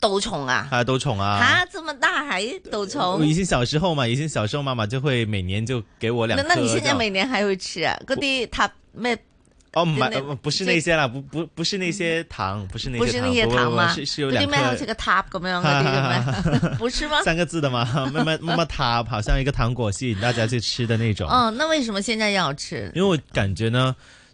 都寵啊！啊，都寵啊！啊，這麼大還都寵。以前小時候嘛，以前小時候媽媽就會每年就給我兩個，那你現在每年還會吃？嗰啲塔咩？哦，買，不是那些啦，不不不是那些糖，不是那些糖，是是有兩。嗰啲咩好似個塔咁樣不是嗎？三個字的嘛，慢慢慢慢塔，好像一個糖果吸引大家去吃的那種。嗯，那為什麼現在要吃？因為我感覺呢。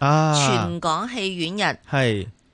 啊、全港戲院日。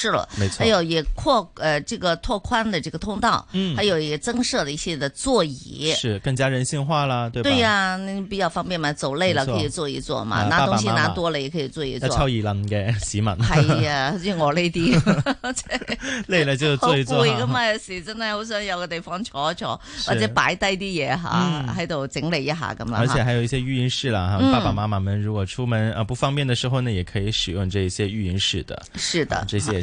是了，沒錯。還有也擴呃，這個拓寬的這個通道，嗯，還有也增設了一些的座椅，是更加人性化了，對吧？對呀，那比較方便嘛，走累了可以坐一坐嘛，拿東西拿多了也可以坐一坐。抽二輪嘅市民，係呀，因為我呢啲，累了就坐一坐。好攰噶嘛，有時真的好想有個地方坐一坐，或者擺低啲嘢，哈，喺度整理一下咁啊。而且還有一些育嬰室啦哈，爸爸媽媽們如果出門啊不方便的時候呢，也可以使用這些育嬰室的，是的，這些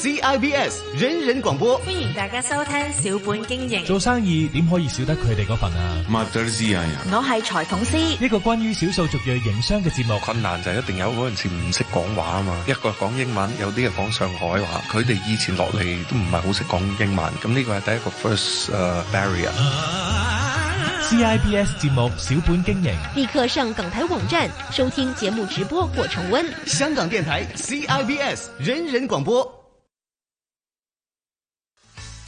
CIBS 人人廣播，歡迎大家收聽小本經營。做生意點可以少得佢哋嗰份啊？我係裁縫師，一個關於少數族裔營商嘅節目。困難就係一定有嗰陣時唔識講話啊嘛，一個講英文，有啲人講上海話，佢哋以前落嚟都唔係好識講英文，咁、這、呢個係第一個 first、uh, barrier。CIBS 節目小本經營，立刻、啊、上港台網站收聽節目直播或重温。香港電台 CIBS 人人廣播。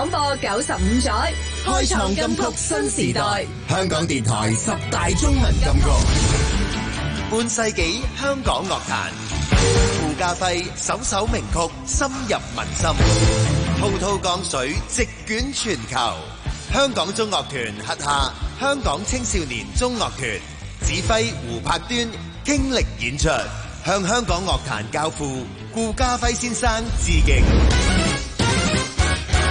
廣播九十五載，開創金曲新，新時代。香港電台十大中文金曲，金曲。半世紀香港樂壇，顧嘉輝首首名曲深入民心，滔滔江水席捲全球。香港中樂團轄下，香港青少年中樂團指揮胡柏端傾力演出，向香港樂壇教父顧嘉輝先生致敬。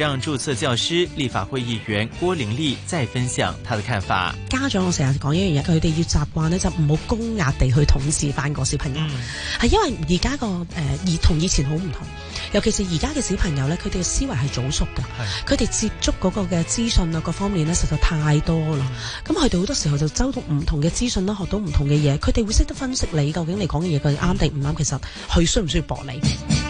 讓註冊教師、立法會議員郭玲麗再分享她的看法。家長我成日講一樣嘢，佢哋要習慣呢，就唔好高壓地去統治翻個小朋友，係、嗯、因為而家個誒，而、呃、同以前好唔同，尤其是而家嘅小朋友咧，佢哋嘅思維係早熟嘅，佢哋是接觸嗰個嘅資訊啊各方面咧，實在太多啦。咁佢哋好多時候就周到唔同嘅資訊啦，學到唔同嘅嘢，佢哋會識得分析你究竟你講嘅嘢佢啱定唔啱。其實佢需唔需要駁你？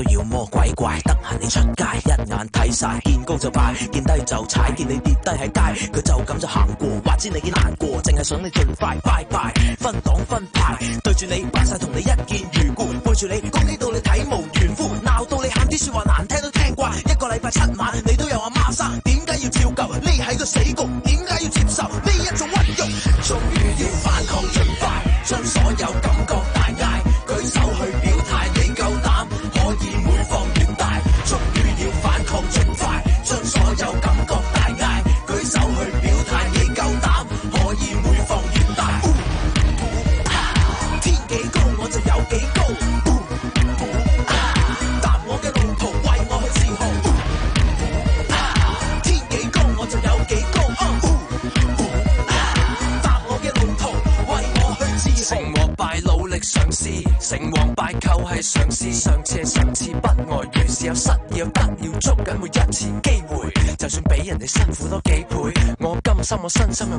都妖魔鬼怪，得閒你出街一眼睇晒，見高就拜，見低就踩，見你跌低喺街，佢就咁就行過，話知你幾難過，淨係想你盡快拜拜，分黨分派，對住你拜晒同你一見如故，背住你講呢度。有失亦有得，要捉緊每一次機會，就算比人哋辛苦多幾倍，我甘心，我身心入。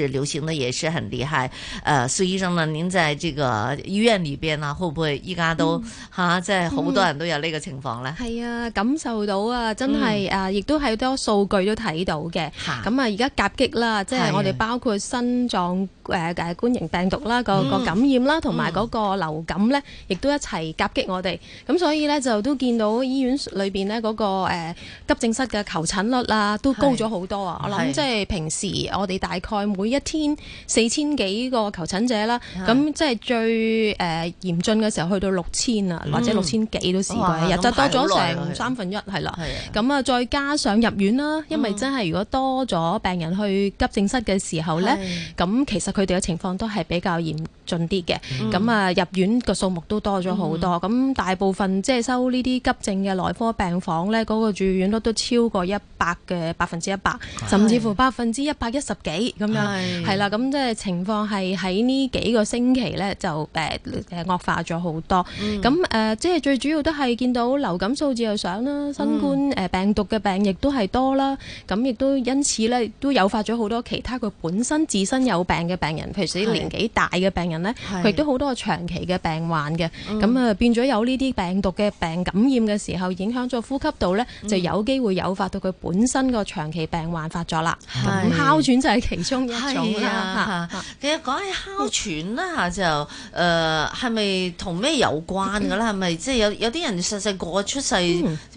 是流行的也是很厲害，誒、呃，蘇醫生呢？您在這個醫院裏邊呢，會唔會依家都吓、嗯啊、即係好多人都有呢個情況咧？係、嗯、啊，感受到啊，真係誒，亦都係好多數據都睇到嘅，咁啊而家夾擊啦，即係我哋包括心臟。誒誒，冠型病毒啦，個感染啦，同埋嗰個流感咧，亦都一齊夾擊我哋。咁所以咧，就都見到醫院裏邊咧嗰個誒急症室嘅求診率啦，都高咗好多啊！我諗即係平時我哋大概每一天四千幾個求診者啦，咁即係最誒嚴峻嘅時候去到六千啊，或者六千幾都試過一日，就多咗成三分一係啦。咁啊，再加上入院啦，因為真係如果多咗病人去急症室嘅時候咧，咁其實。佢哋嘅情況都係比較嚴峻啲嘅，咁啊、嗯、入院嘅數目都多咗好多，咁、嗯、大部分即係、就是、收呢啲急症嘅內科病房咧，嗰、那個住院率都超過一百嘅百分之一百，100< 是>甚至乎百分之一百一十幾咁樣，係是啦，咁即係情況係喺呢幾個星期咧就誒誒、呃呃、惡化咗好多，咁誒即係最主要都係見到流感數字又上啦，新冠誒病毒嘅病亦都係多啦，咁、嗯、亦都因此咧都誘發咗好多其他佢本身自身有病嘅病。病人，譬如啲年紀大嘅病人咧，佢亦都好多長期嘅病患嘅，咁啊變咗有呢啲病毒嘅病感染嘅時候，影響咗呼吸道咧，就有機會誘發到佢本身個長期病患發作啦。咁哮喘就係其中一種啦。其實講起哮喘啦嚇就，誒係咪同咩有關噶啦？係咪即係有有啲人細細個出世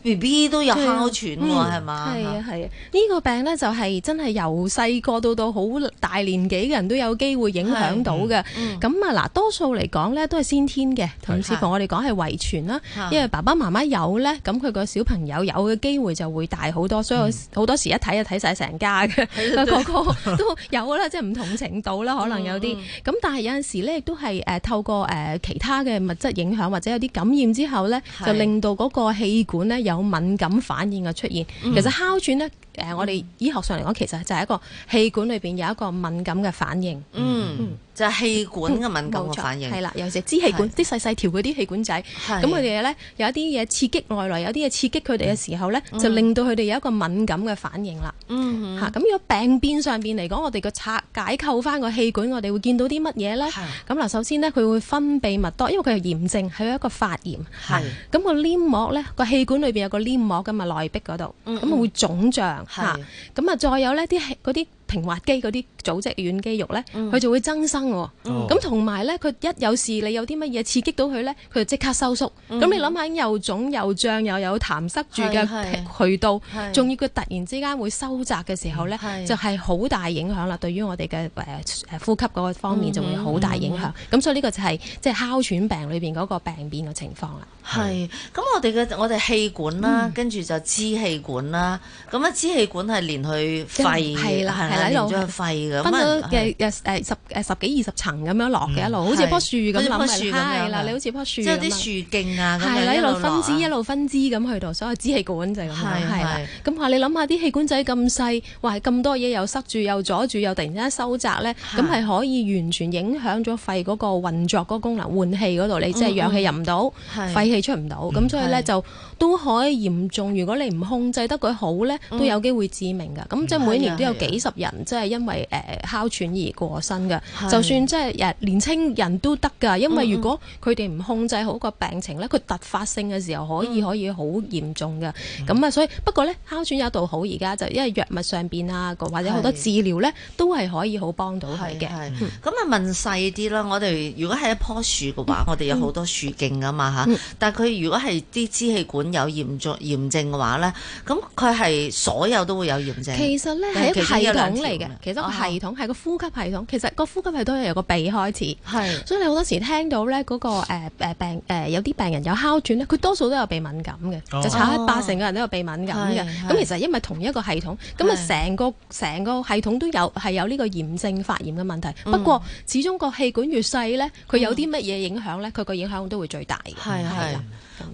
，B B 都有哮喘喎？係嘛？係啊係啊，呢個病咧就係真係由細個到到好大年紀嘅人都有。機會影響到嘅，咁啊嗱，嗯、多數嚟講咧都係先天嘅，是同視乎我哋講係遺傳啦，是因為爸爸媽媽有咧，咁佢個小朋友有嘅機會就會大好多，的所以好多時一睇就睇晒成家嘅，個的個都有啦， 即係唔同程度啦，可能有啲。咁、嗯、但係有陣時咧，亦都係透過其他嘅物質影響，或者有啲感染之後咧，的就令到嗰個氣管咧有敏感反應嘅出現。嗯、其實哮喘咧。誒，我哋醫學上嚟講，其實就係一個氣管裏邊有一個敏感嘅反應。嗯，就係氣管嘅敏感反應。係啦，尤其是支氣管啲細細條嗰啲氣管仔，咁佢哋咧有一啲嘢刺激外來，有啲嘢刺激佢哋嘅時候咧，就令到佢哋有一個敏感嘅反應啦。嗯，咁如果病變上邊嚟講，我哋個拆解構翻個氣管，我哋會見到啲乜嘢咧？咁嗱，首先咧佢會分泌物多，因為佢係炎症，係有一個發炎。係。咁個黏膜咧，個氣管裏邊有個黏膜噶嘛，內壁嗰度。咁啊會腫脹。嚇！咁是啊，再有咧啲係嗰啲。平滑肌嗰啲組織軟肌肉咧，佢、嗯、就會增生喎。咁同埋咧，佢一有事你有啲乜嘢刺激到佢咧，佢就即刻收縮。咁、嗯、你諗下，又腫又脹又有痰塞住嘅渠道，仲要佢突然之間會收窄嘅時候咧，是就係好大影響啦。對於我哋嘅誒誒呼吸嗰方面就會好大影響。咁、嗯、所以呢個就係即係哮喘病裏邊嗰個病變嘅情況啦。係。咁我哋嘅我哋氣管啦，跟住、嗯、就支氣管啦。咁啊，支氣管係連去肺係啦。嗯喺度，將肺分咗嘅誒誒十誒十幾二十層咁樣落嘅一路，好似樖樹咁，樖樹咁樣。係嗱，你好似樖樹，即係啲樹徑啊，係啦，一路分支一路分支咁去到，所有支氣管就係咁樣。係係，咁話你諗下啲氣管仔咁細，哇，咁多嘢又塞住又阻住又突然之間收窄咧，咁係可以完全影響咗肺嗰個運作嗰個功能換氣嗰度，你即係氧氣入唔到，廢氣出唔到，咁所以咧就。都可以嚴重，如果你唔控制得佢好咧，都有機會致命㗎。咁即係每年都有幾十人，即係因為誒哮喘而過身㗎。就算即係年輕人都得㗎，因為如果佢哋唔控制好個病情咧，佢突發性嘅時候可以可以好嚴重㗎。咁啊，所以不過咧，哮喘有度好，而家就因為藥物上邊啊，或者好多治療咧，都係可以好幫到佢嘅。咁啊，問細啲啦，我哋如果係一棵樹嘅話，我哋有好多樹徑㗎嘛吓，但係佢如果係啲支氣管，有嚴重炎症嘅話咧，咁佢係所有都會有炎症。其實咧係一個系統嚟嘅，其實個系統係個呼吸系統。其實個呼吸系統係由個鼻開始，係。所以你好多時聽到咧嗰個誒病誒有啲病人有哮喘咧，佢多數都有鼻敏感嘅，就差唔多八成嘅人都有鼻敏感嘅。咁其實因為同一個系統，咁啊成個成個系統都有係有呢個炎症發炎嘅問題。不過始終個氣管越細咧，佢有啲乜嘢影響咧，佢個影響都會最大嘅。係係。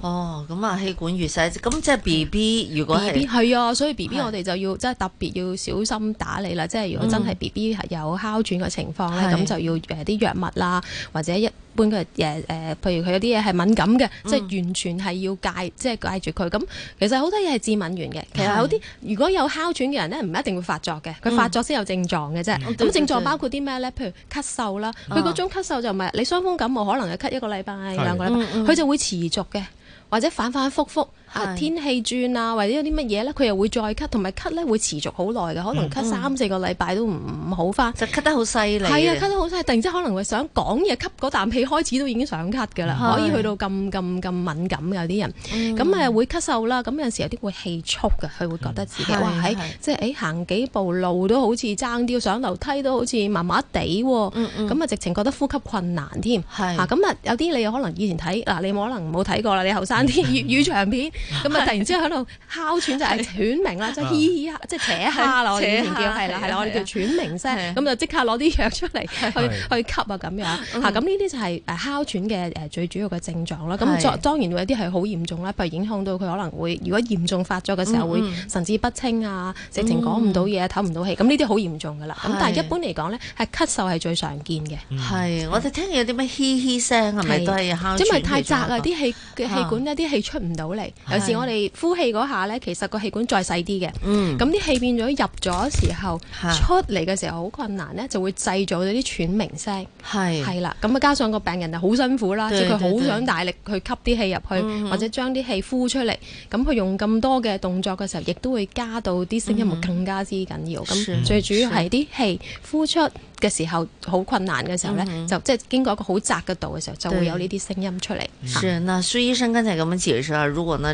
哦，咁啊，氣管越細，咁即係 B B 如果係，係啊，所以 B B 我哋就要即係是特別要小心打理啦。即係如果真係 B B 係有哮喘嘅情況咧，咁、嗯、就要啲藥物啦，或者一般嘅誒誒，譬如佢有啲嘢係敏感嘅，嗯、即係完全係要戒，即、就、係、是、戒住佢。咁其實好多嘢係致敏原嘅。是其實有啲如果有哮喘嘅人咧，唔一定會發作嘅，佢發作先有症狀嘅啫。咁、嗯、症狀包括啲咩咧？譬如咳嗽啦，佢嗰、嗯、種咳嗽就唔係你傷風感冒可能係咳一個禮拜兩個禮拜，佢、嗯嗯、就會持續嘅。或者反反复复。是天氣轉啊，或者有啲乜嘢咧，佢又會再咳，同埋咳咧會持續好耐嘅，可能咳三四個禮拜都唔好翻，就咳、嗯嗯、得好犀利。係啊，咳得好犀，突然之間可能會想講嘢，咳嗰啖氣開始都已經想咳㗎啦，是可以去到咁咁咁敏感嘅有啲人，咁誒、嗯、會咳嗽啦，咁有陣時有啲會氣促嘅，佢會覺得自己話喺即係誒行幾步路都好似爭啲，上樓梯都好似麻麻地，咁啊、嗯嗯、直情覺得呼吸困難添。係是啊，咁啊有啲你可能以前睇嗱，你可能冇睇過啦，你後生啲粵語長片。咁啊！突然之間喺度哮喘就係喘鳴啦，即係嘻嘻，即係扯下落。以前叫係啦係啦，我哋叫喘鳴聲。咁就即刻攞啲藥出嚟去去吸啊咁樣嚇。咁呢啲就係誒哮喘嘅誒最主要嘅症狀啦。咁當然會有啲係好嚴重啦，譬如影響到佢可能會如果嚴重發作嘅時候會神志不清啊，直情講唔到嘢、唞唔到氣。咁呢啲好嚴重噶啦。咁但係一般嚟講咧，係咳嗽係最常見嘅。係，我就聽有啲咩嘻嘻聲係咪都係哮喘嘅症狀？咁咪太窄啦，啲氣嘅氣管一啲氣出唔到嚟。有時我哋呼氣嗰下咧，其實個氣管再細啲嘅，咁啲氣變咗入咗時候，出嚟嘅時候好困難咧，就會製造咗啲喘鳴聲。係係啦，咁啊加上個病人就好辛苦啦，即係佢好想大力去吸啲氣入去，或者將啲氣呼出嚟。咁佢用咁多嘅動作嘅時候，亦都會加到啲聲音，更加之緊要。咁最主要係啲氣呼出嘅時候好困難嘅時候咧，就即係經過一個好窄嘅度嘅時候，就會有呢啲聲音出嚟。是，那蘇醫生剛才咁樣解釋啊，如果呢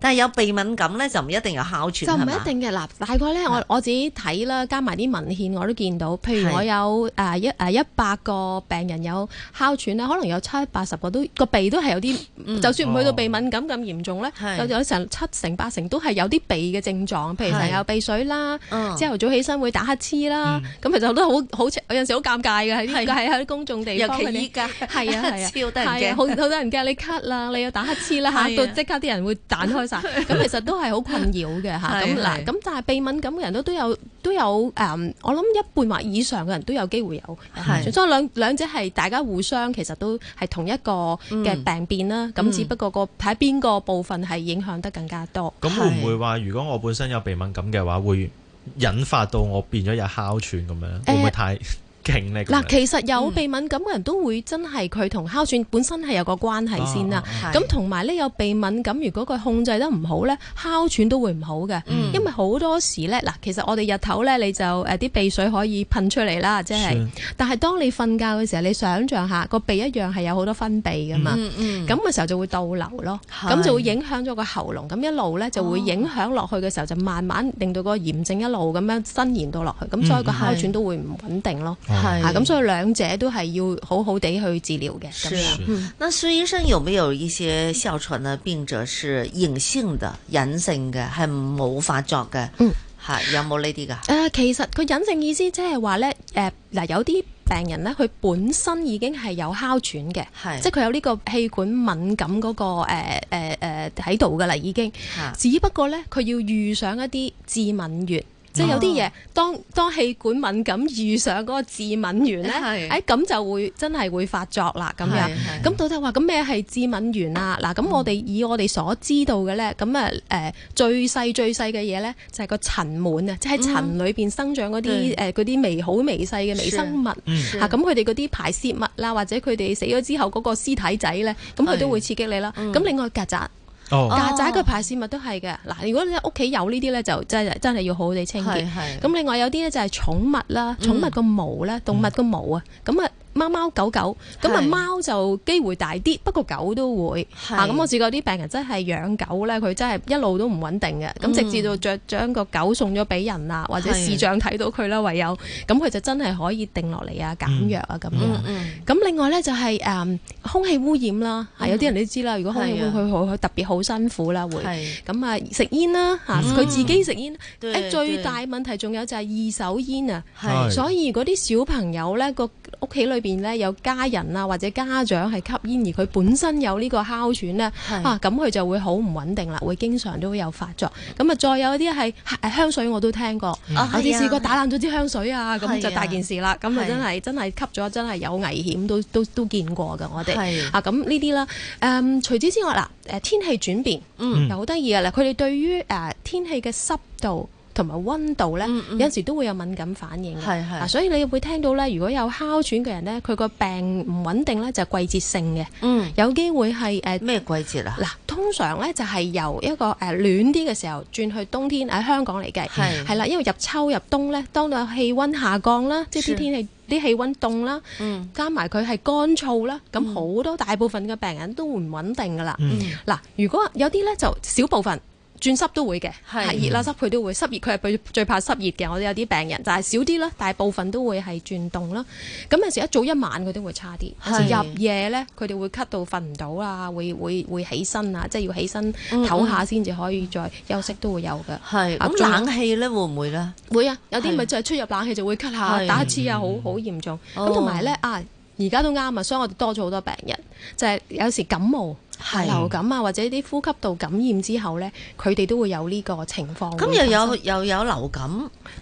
但係有鼻敏感咧，就唔一定有哮喘，就唔一定嘅。嗱，大概咧，我我自己睇啦，加埋啲文獻我都見到，譬如我有誒一誒一百個病人有哮喘咧，可能有七八十個都個鼻都係有啲，就算唔去到鼻敏感咁嚴重咧，有成七成八成都係有啲鼻嘅症狀，譬如成日有鼻水啦，朝頭早起身會打乞嗤啦，咁其實都好好有陣時好尷尬嘅喺係喺公眾地方，尤其依家係啊係係好好得人驚嘅，你咳啦，你有打乞嗤啦，嚇到即刻啲人會彈開咁 其實都係好困擾嘅嚇，咁嗱，咁但係鼻敏感嘅人都有都有都有誒，我諗一半或以上嘅人都有機會有，是 所以兩兩者係大家互相其實都係同一個嘅病變啦。咁、嗯、只不過個睇邊個部分係影響得更加多。咁是是 會唔會話，如果我本身有鼻敏感嘅話，會引發到我變咗有哮喘咁樣？欸、會唔會太？ 嗱，其實有鼻敏感嘅人都會真係佢同哮喘本身係有個關係先啦、啊。咁同埋呢，有鼻敏感，如果佢控制得唔好咧，哮喘都會唔好嘅。嗯、因為好多時咧，嗱，其實我哋日頭咧你就誒啲、呃、鼻水可以噴出嚟啦，即、就、係、是。是但係當你瞓覺嘅時候，你想象下個鼻一樣係有好多分泌嘅嘛。咁嘅、嗯嗯、時候就會倒流咯，咁是就會影響咗個喉嚨。咁一路咧就會影響落去嘅時候，哦、就慢慢令到個炎症一路咁樣伸延到落去。咁、嗯、所以個哮喘都會唔穩定咯。係咁，所以兩者都係要好好地去治療嘅。咁啊，那蘇醫生有沒有一些哮喘嘅、嗯、病者，是隱性的、隱性嘅，係冇發作嘅？嗯、吓、啊、有冇呢啲噶？誒、呃，其實佢隱性意思即係話咧，誒、呃、嗱，有啲病人咧，佢本身已經係有哮喘嘅，係是即係佢有呢個氣管敏感嗰、那個誒誒誒喺度噶啦，已經。啊、只不過咧佢要遇上一啲致敏原。即係有啲嘢，哦、當當氣管敏感遇上嗰個致敏原咧，誒咁是、哎、就會真係會發作啦咁樣。咁到底話咁咩係致敏原啊？嗱、嗯，咁我哋以我哋所知道嘅咧，咁啊誒最細最細嘅嘢咧，就係、是、個塵蟎啊，即係、嗯、塵裏邊生長嗰啲誒啲微好微細嘅微生物。嚇，咁佢哋嗰啲排泄物啦，或者佢哋死咗之後嗰個屍體仔咧，咁佢都會刺激你啦。咁、嗯、另外曱甴。曱甴佢排泄物都係嘅，嗱，如果你屋企有呢啲咧，就真真係要好好哋清潔。咁的另外有啲咧就係寵物啦，嗯、寵物個毛咧，動物個毛啊，咁啊、嗯。貓貓狗狗咁啊，貓就機會大啲，不過狗都會嚇。咁我試過啲病人真係養狗咧，佢真係一路都唔穩定嘅。咁直至到著將個狗送咗俾人啦，或者視像睇到佢啦，唯有咁佢就真係可以定落嚟啊，減藥啊咁樣。咁另外咧就係誒空氣污染啦，有啲人都知啦。如果空氣污染佢特別好辛苦啦，會咁啊食煙啦嚇，佢自己食煙。誒最大問題仲有就係二手煙啊，所以嗰啲小朋友咧個。屋企裏邊咧有家人啊，或者家長係吸煙，而佢本身有呢個哮喘咧，是啊咁佢就會好唔穩定啦，會經常都有發作。咁啊，再有一啲係香水我都聽過，嗯啊啊、有啲試過打爛咗支香水啊，咁、啊、就大件事啦。咁啊是，真係真係吸咗真係有危險，都都都見過嘅我哋。是啊，咁呢啲啦。誒、嗯，除此之外啦，誒天氣轉變，嗯又好得意嘅嗱，佢哋對於誒、呃、天氣嘅濕度。同埋溫度咧，嗯嗯有時都會有敏感反應。係是是、啊、所以你會聽到咧，如果有哮喘嘅人咧，佢個病唔穩定咧，就是、季節性嘅。嗯。有機會係咩、呃、季節啊？嗱，通常咧就係、是、由一個暖啲嘅時候轉去冬天喺、啊、香港嚟計，係是。係啦，因為入秋入冬咧，當到氣溫下降啦，是即係啲天，天氣啲氣溫凍啦，嗯、加埋佢係乾燥啦，咁好多、嗯、大部分嘅病人都唔穩定㗎啦。嗱、嗯啊，如果有啲咧就少部分。轉濕都會嘅，係熱啦，濕佢都會濕熱，佢係最怕濕熱嘅。我哋有啲病人，但係少啲啦，大部分都會係轉動啦。咁有時一早一晚佢都會差啲，是有時入夜咧佢哋會咳到瞓唔到啦，會會會起身啊，即係要起身唞下先至可以再、嗯、休息，都會有嘅。係。咁冷氣咧會唔會咧？會啊，有啲咪就係出入冷氣就會咳下是打一次啊，好好嚴重。咁同埋咧啊，而家都啱啊，所以我哋多咗好多病人，就係、是、有時感冒。係是流感啊，或者啲呼吸道感染之後呢，佢哋都會有呢個情況。咁又有又有流感，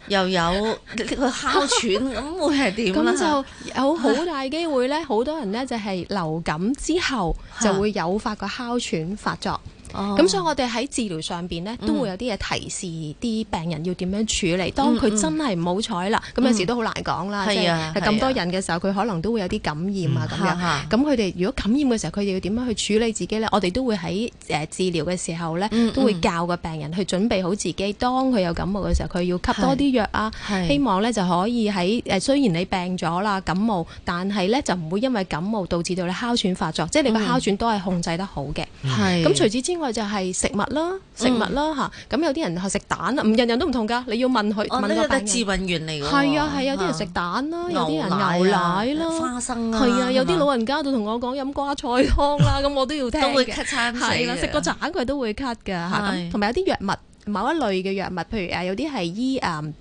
又有哮喘，咁 會係點？咁就有好大機會呢，好多人呢就係流感之後就會誘發個哮喘發作。咁所以我哋喺治療上邊咧都會有啲嘢提示啲病人要點樣處理。當佢真係唔好彩啦，咁有時都好難講啦。係啊，係咁多人嘅時候，佢可能都會有啲感染啊咁樣。咁佢哋如果感染嘅時候，佢哋要點樣去處理自己呢？我哋都會喺誒治療嘅時候呢，都會教個病人去準備好自己。當佢有感冒嘅時候，佢要吸多啲藥啊，希望呢就可以喺誒雖然你病咗啦，感冒，但係呢就唔會因為感冒導致到你哮喘發作，即係你個哮喘都係控制得好嘅。咁除此之外。因為就係食物啦，食物啦吓，咁、嗯啊、有啲人係食蛋啊，唔人人都唔同噶，你要問佢。問佢、哦、個係智運員嚟。係啊係、啊，有啲人食蛋啦，啊、有啲人牛奶啦，啊啊、花生。係啊，啊有啲老人家都同我講飲瓜菜湯啦，咁 我都要聽嘅。都會 cut 餐，係啦，食個盞佢都會 cut 噶吓，同埋、啊的啊、有啲藥物，某一類嘅藥物，譬如誒有啲係醫誒。嗯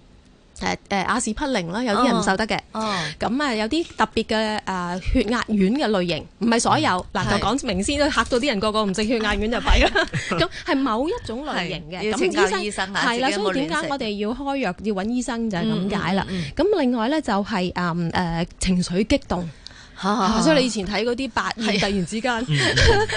誒誒、呃、阿士匹靈啦，有啲人唔受得嘅，咁啊、哦哦、有啲特別嘅誒、呃、血壓丸嘅類型，唔係所有，嗱就講明先，是嚇到啲人個個唔食血壓丸就弊啦。咁係、啊、 某一種類型嘅，咁醫生係啦，所以點解我哋要開藥要揾醫生就係咁解啦。咁、嗯嗯嗯、另外咧就係、是、誒、嗯呃、情緒激動。所以你以前睇嗰啲白癡，突然之間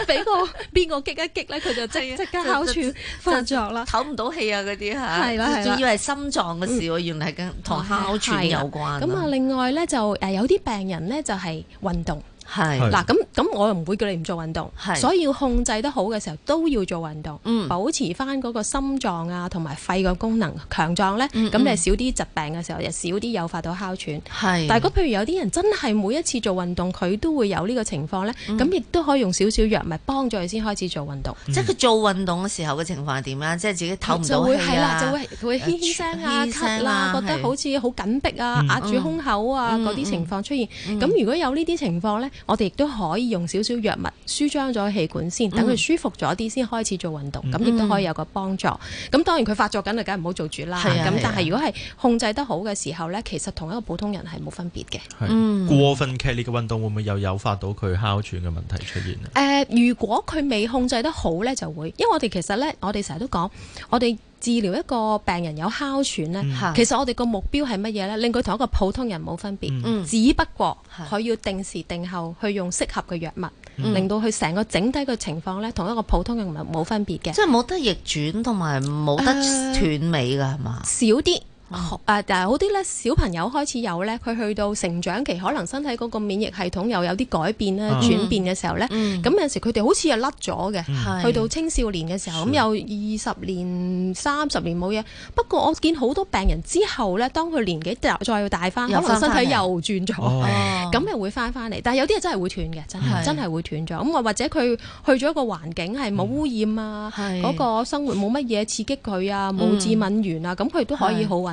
俾個邊個激一激咧，佢就即即刻哮喘發作啦，唞唔到氣啊嗰啲嚇。係啦仲以為係心臟嘅事喎，原來係咁同哮喘有關。咁啊，另外咧就誒有啲病人咧就係運動。係嗱，咁咁我又唔會叫你唔做運動，所以要控制得好嘅時候都要做運動，保持翻嗰個心臟啊同埋肺嘅功能強壯咧，咁你少啲疾病嘅時候又少啲誘發到哮喘。係，但係嗰譬如有啲人真係每一次做運動佢都會有呢個情況咧，咁亦都可以用少少藥物幫助佢先開始做運動。即係佢做運動嘅時候嘅情況係點啊？即係自己透唔到氣啊，就會係啦，就會會喘氣聲啊，咳啦，覺得好似好緊迫啊，壓住胸口啊嗰啲情況出現。咁如果有呢啲情況咧？我哋亦都可以用少少藥物舒張咗氣管先，等佢舒服咗啲，先開始做運動，咁亦都可以有個幫助。咁當然佢發作緊，就梗係唔好做住啦。咁但係如果係控制得好嘅時候呢，其實同一個普通人係冇分別嘅。過分劇烈嘅運動會唔會又誘發到佢哮喘嘅問題出現呢？呃，如果佢未控制得好呢，就會，因為我哋其實呢，我哋成日都講，我哋。治療一個病人有哮喘咧，是其實我哋個目標係乜嘢咧？令佢同一個普通人冇分別，嗯、只不過佢要定時定候去用適合嘅藥物，嗯、令到佢成個整體嘅情況咧，同一個普通人冇分別嘅，即係冇得逆轉同埋冇得斷尾㗎嘛，呃、吧少啲。學但係好啲咧，小朋友開始有咧，佢去到成長期，可能身體嗰個免疫系統又有啲改變咧、嗯、轉變嘅時候咧，咁、嗯、有時佢哋好似又甩咗嘅。嗯、去到青少年嘅時候，咁係有二十年、三十年冇嘢。不過我見好多病人之後咧，當佢年紀再要大翻，可能身體又轉咗，咁又、哦、會翻翻嚟。但係有啲係真係會斷嘅，真係係真係會斷咗。咁或或者佢去咗一個環境係冇污染啊，嗰係個生活冇乜嘢刺激佢啊，冇致敏源啊，咁佢都可以好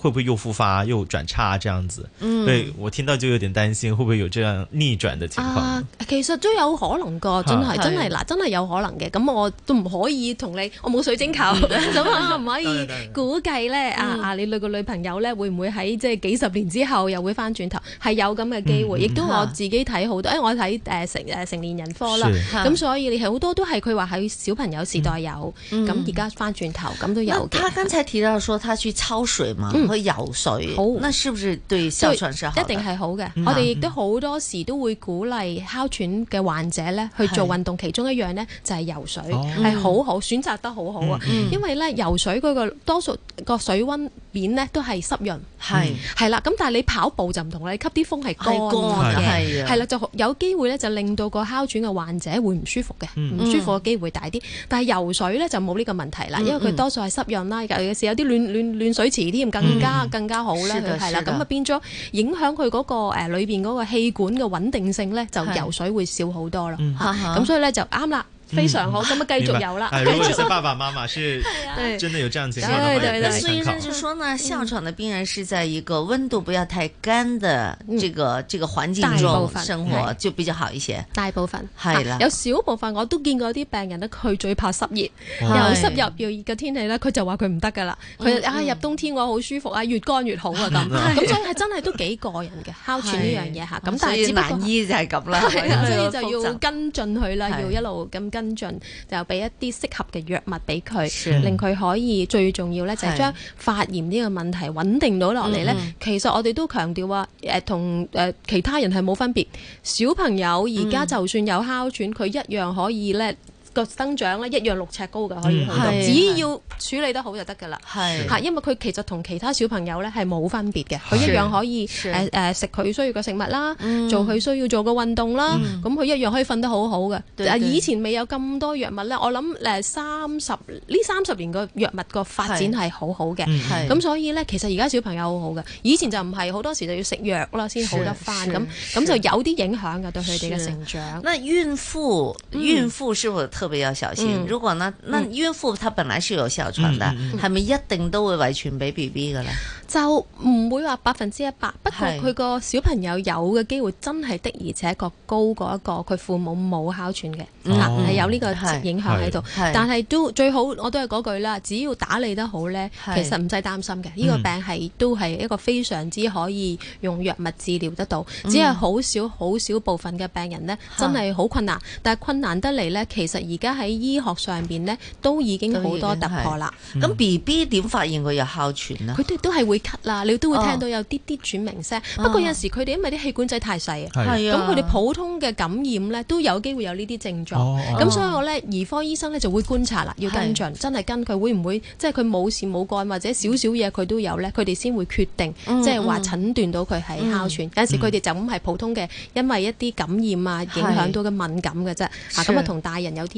會不會又復發又轉差這樣子？對，所以我聽到就有點擔心，會不會有這樣逆轉的情況？其實都有可能噶，真係真係嗱，真係有可能嘅。咁我都唔可以同你，我冇水晶球，咁可唔可以估計咧。啊啊，你女，個女朋友咧，會唔會喺即係幾十年之後又會翻轉頭？係有咁嘅機會，亦都我自己睇好多。因為我睇誒成誒成年人科啦，咁所以你好多都係佢話喺小朋友時代有，咁而家翻轉頭咁都有。佢剛才提到說他去抽水嘛去游水，好，那是不是對哮喘是一定係好嘅？我哋亦都好多時都會鼓勵哮喘嘅患者呢去做運動，其中一樣呢就係游水，係，是，好、嗯、係好好選擇得好好啊！嗯、因為呢游水嗰個多數個水溫。面咧都係濕潤，係係啦，咁但係你跑步就唔同啦，你吸啲風係乾嘅，係啦，就有機會咧就令到個哮喘嘅患者會唔舒服嘅，唔舒服嘅機會大啲。但係游水咧就冇呢個問題啦，因為佢多數係濕潤啦，有時有啲暖暖暖水池添，更加更加好咧，係啦。咁啊變咗影響佢嗰個誒裏邊嗰個氣管嘅穩定性咧，就游水會少好多啦。咁所以咧就啱啦。非常好，咁啊繼續有啦。如果爸爸媽媽是，真的有這樣子。對對對。那所以就係說呢，哮喘的病人是在一個温度不要太乾的這個這個環境中生活就比較好一些。大部分，係啦。有少部分我都見過有啲病人咧，佢最怕濕熱，又濕入又熱嘅天氣咧，佢就話佢唔得噶啦。佢啊入冬天嘅話好舒服啊，越乾越好啊咁。咁所以真係都幾過癮嘅哮喘呢樣嘢吓。咁但係難醫就係咁啦。係所以就要跟進佢啦，要一路咁跟。跟進，就俾一啲適合嘅藥物俾佢，的令佢可以最重要咧就係將發炎呢個問題穩定到落嚟咧。的其實我哋都強調話同、呃呃、其他人係冇分別。小朋友而家就算有哮喘，佢一樣可以咧。個生長咧一樣六尺高嘅可以去到，只要處理得好就得㗎啦。係吓，因為佢其實同其他小朋友咧係冇分別嘅，佢一樣可以誒誒食佢需要嘅食物啦，做佢需要做嘅運動啦，咁佢一樣可以瞓得好好嘅。以前未有咁多藥物咧，我諗誒三十呢三十年個藥物個發展係好好嘅，咁所以咧其實而家小朋友好好嘅，以前就唔係好多時就要食藥啦先好得翻咁，咁就有啲影響㗎對佢哋嘅成長。嗱，孕婦孕婦需比較小心，嗯、如果呢，那孕婦她本來是有哮喘的，係咪、嗯嗯、一定都會遺傳俾 B B 嘅咧？就唔會話百分之一百，不過佢個小朋友有嘅機會真係的，的而且確高過一個佢父母冇哮喘嘅，係有呢個影響喺度。但係都最好，我都係嗰句啦，只要打理得好呢，其實唔使擔心嘅。呢是、嗯、個病係都係一個非常之可以用藥物治療得到，嗯、只係好少好少部分嘅病人呢，真係好困難。是但係困難得嚟呢，其實而家喺醫學上邊呢，都已經有好多突破啦。咁 B B 點發現佢有哮喘呢？佢哋都係會咳啦，你都會聽到有啲啲喘鳴聲。哦、不過有陣時佢哋因為啲氣管仔太細啊，咁佢哋普通嘅感染呢都有機會有呢啲症狀。咁、哦、所以我呢，兒科醫生呢就會觀察啦，要跟進，是真係跟佢會唔會即係佢冇事冇幹，或者少少嘢佢都有呢，佢哋先會決定即係話診斷到佢係哮喘。嗯、有陣時佢哋就咁係普通嘅，因為一啲感染啊影響到嘅敏感嘅啫。啊咁是啊，同大人有啲。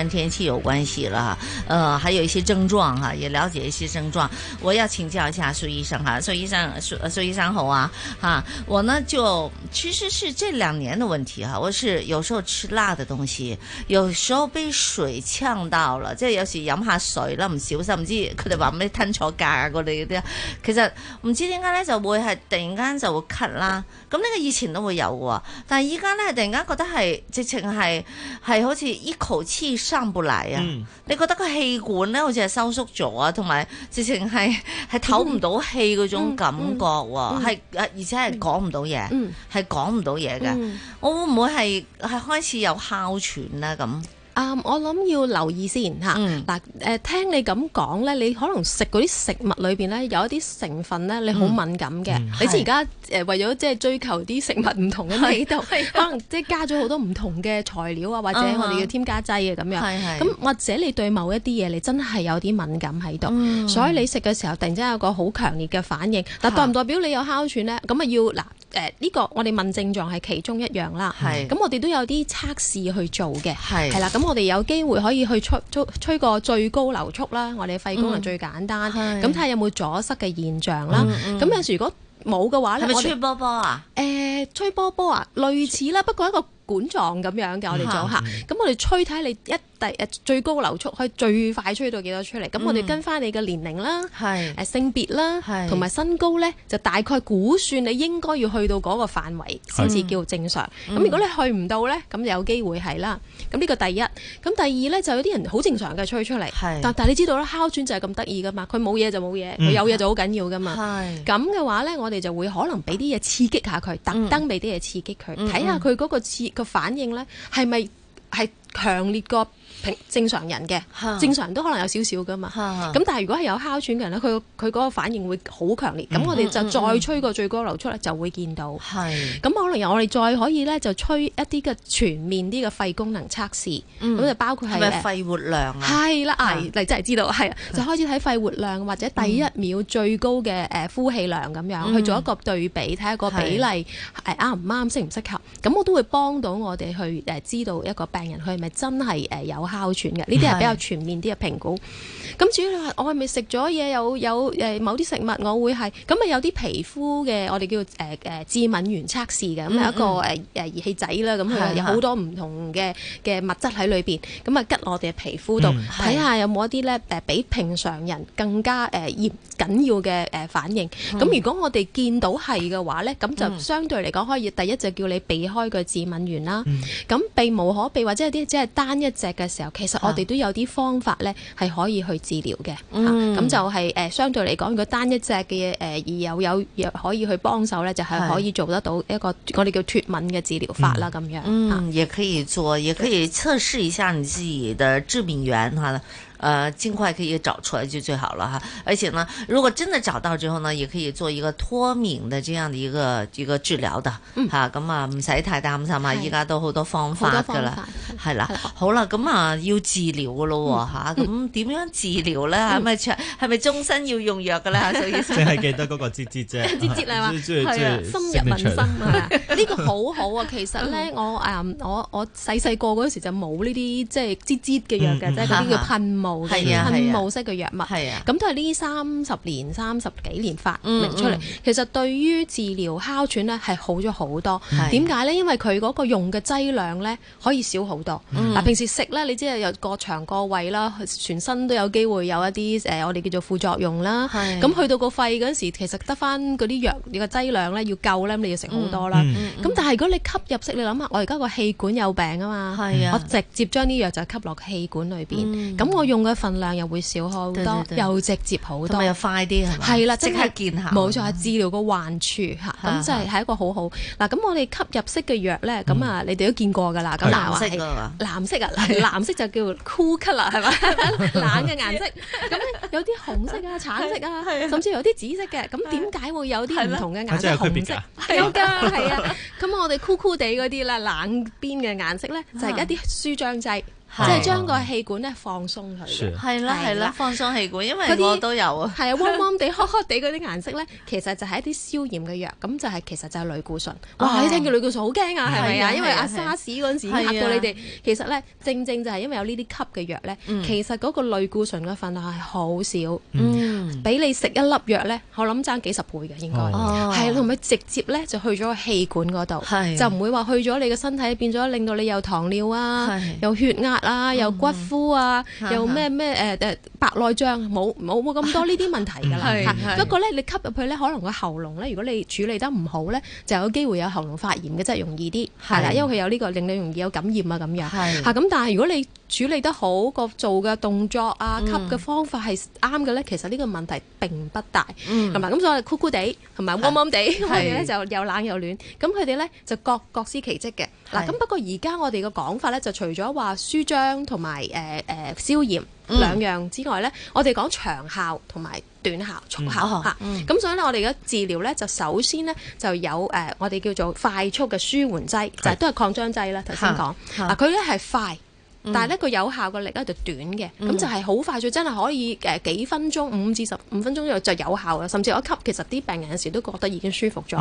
跟天氣有關係啦，呃，還有一些症狀哈、啊，也了解一些症狀。我要請教一下蘇醫生哈、啊，蘇醫生蘇蘇醫生好啊吓、啊，我呢就其實是這兩年的問題哈、啊，我是有時候吃辣的東西，有時候被水嗆到了，即係有時飲下水啦，唔小心唔知佢哋話咩吞錯㗎啊，過嚟啲。其實唔知點解咧，就會係突然間就會咳啦。咁、那、呢個以前都會有噶，但係依家咧突然間覺得係直情係係好似一口氣。生不嚟啊！嗯、你覺得個氣管咧好似係收縮咗，啊，同埋直情係係唞唔到氣嗰種感覺喎、嗯嗯嗯，而且係講唔到嘢，係講唔到嘢嘅。嗯、我會唔會係係開始有哮喘咧咁？啊，um, 我諗要留意先嚇。嗱、嗯，誒聽你咁講咧，你可能食嗰啲食物裏邊咧有一啲成分咧，你好敏感嘅。嗯嗯、你知，而家誒為咗即係追求啲食物唔同嘅味道，啊、可能即係加咗好多唔同嘅材料啊，或者我哋嘅添加劑嘅咁、嗯、哼樣。咁是或者你對某一啲嘢你真係有啲敏感喺度，嗯、所以你食嘅時候突然之間有一個好強烈嘅反應。是但代唔代表你有哮喘咧？咁啊要嗱。誒呢、呃呢個我哋問症狀係其中一樣啦，咁是我哋都有啲測試去做嘅，係是啦，咁我哋有機會可以去吹吹個最高流速啦，我哋肺功能最簡單，咁睇下有冇阻塞嘅現象啦。咁、嗯嗯、有時如果冇嘅話咧，係咪吹波波啊？誒、呃，吹波波啊，類似啦，不過一個。管狀咁樣嘅，我哋做下，咁、嗯、我哋吹睇你一第誒最高流速，可以最快吹到幾多出嚟？咁、嗯、我哋跟翻你嘅年齡啦，誒是性別啦，同埋是身高咧，就大概估算你應該要去到嗰個範圍先至叫正常。咁、嗯、如果你去唔到咧，咁就有機會係啦。咁呢個第一，咁第二咧就有啲人好正常嘅吹出嚟是，但係你知道啦，哮喘就係咁得意噶嘛，佢冇嘢就冇嘢，佢有嘢就好緊要噶嘛。咁嘅、嗯、話咧，我哋就會可能俾啲嘢刺激下佢，嗯、特登俾啲嘢刺激佢，睇下佢嗰個刺個反應咧係咪係強烈個？平正常人嘅，正常人都可能有少少噶嘛。咁但係如果係有哮喘嘅人咧，佢佢嗰個反應會好強烈。咁我哋就再吹個最高流出咧，就會見到。係。咁可能由我哋再可以咧，就吹一啲嘅全面啲嘅肺功能測試，咁就包括係。係咪肺活量？係啦，係，你真係知道係。就開始睇肺活量或者第一秒最高嘅誒呼氣量咁樣去做一個對比，睇下個比例係啱唔啱，適唔適合。咁我都會幫到我哋去誒知道一個病人佢係咪真係誒有哮喘嘅，呢啲係比較全面啲嘅評估。咁至於你話我係咪食咗嘢，有有某啲食物我會係咁，啊，有啲皮膚嘅，我哋叫誒致敏原測試嘅，咁係一個誒誒儀器仔啦，咁佢有好多唔同嘅嘅，啊、物質喺裏面。咁，啊吉我哋嘅皮膚度睇下有冇一啲咧，呃、比平常人更加誒嚴緊要嘅反應，咁、嗯、如果我哋見到係嘅話咧，咁就相對嚟講可以第一就叫你避開個致敏原啦，咁、嗯、避無可避或者有啲只係單一隻嘅時候，其實我哋都有啲方法咧，係可以去。治療嘅嚇，咁、嗯啊、就係、是、誒、呃、相對嚟講，如果單一隻嘅嘢而有有亦可以去幫手咧，是就係可以做得到一個、嗯、我哋叫脱敏嘅治療法啦，咁、嗯、樣。嗯，也可以做，嗯、也可以測試一下你自己的致敏源，哈。呃，盡快可以找出來就最好了哈！而且呢，如果真的找到之後呢，也可以做一個脫敏的這樣的一個一個治療的，吓咁啊，唔使太擔心啊。依家都好多方法噶啦，係啦，好啦，咁啊要治療噶咯，吓咁點樣治療呢？係咪長？係咪終身要用藥噶呢？所以淨係記得嗰個滋滋啫，滋滋係嘛？係啊，深入民心啊，呢個好好啊。其實呢，我誒，我我細細個嗰時就冇呢啲即係滋滋嘅藥嘅，即係嗰啲叫噴霧。係噴霧式嘅藥物，咁、啊啊啊啊、都係呢三十年三十幾年發明出嚟。嗯嗯、其實對於治療哮喘咧，係好咗好多。點解咧？因為佢嗰個用嘅劑量咧，可以少好多。嗱、嗯，平時食咧，你知啊，有個腸個胃啦，全身都有機會有一啲誒，我哋叫做副作用啦。咁、啊、去到個肺嗰陣時，其實得翻嗰啲藥，你個劑量咧要夠咧，你要食好多啦。咁、嗯、但係如果你吸入式，你諗下，我而家個氣管有病係啊嘛，我直接將啲藥就吸落氣管裏邊，咁、嗯、我用。嘅分量又會少好多，又直接好多，同埋又快啲係嘛？係啦，即刻見下，冇錯係治療個患處嚇，咁即係係一個好好嗱。咁我哋吸入式嘅藥咧，咁啊，你哋都見過㗎啦，藍色㗎，藍色啊，藍色就叫 cool colour 係咪，冷嘅顏色。咁咧有啲紅色啊、橙色啊，甚至有啲紫色嘅。咁點解會有啲唔同嘅顏色？紅色？有區別㗎，有㗎，係啊。咁我哋酷酷哋嗰啲啦，冷邊嘅顏色咧，就係一啲舒張劑。即係將個氣管咧，放鬆佢，係啦係啦，放鬆氣管，因為嗰個都有啊，係啊，汪汪地、呵呵地嗰啲顏色咧，其實就係一啲消炎嘅藥，咁就係其實就係類固醇。哇！一聽見類固醇好驚啊，係咪啊？因為阿沙士嗰陣時嚇到你哋，其實咧正正就係因為有呢啲吸嘅藥咧，其實嗰個類固醇嘅份量係好少，嗯，俾你食一粒藥咧，我諗爭幾十倍嘅應該，係同埋直接咧就去咗個氣管嗰度，就唔會話去咗你嘅身體變咗，令到你有糖尿啊，有血壓。啦，又骨枯啊，有啊嗯、又咩咩誒誒白內障，冇冇冇咁多呢啲問題㗎啦。 不過咧，你吸入去咧，可能個喉嚨咧，如果你處理得唔好咧，就有機會有喉嚨發炎嘅，真係容易啲。係啦的，的因為佢有呢個令你容易有感染啊咁樣。係咁的，但係如果你處理得好，個做嘅動作啊，吸嘅方法係啱嘅咧，其實呢個問題並不大。同埋咁，嗯、所以酷酷地同埋憨憨地，佢哋咧就又冷又暖，咁佢哋咧就各各司其職嘅。嗱，咁、啊、不過而家我哋嘅講法咧，就除咗話舒張同埋誒誒消炎兩樣之外咧，我哋講長效同埋短效、速效嚇。咁所以咧，我哋嘅治療咧，就首先咧就有誒、呃，我哋叫做快速嘅舒緩劑，是就係都係擴張劑啦。頭先講，嗱，佢咧係快。但係咧，佢有效嘅力咧就短嘅，咁就係好快就真係可以誒幾分鐘五至十五分鐘就就有效啦。甚至我吸，其實啲病人有時都覺得已經舒服咗。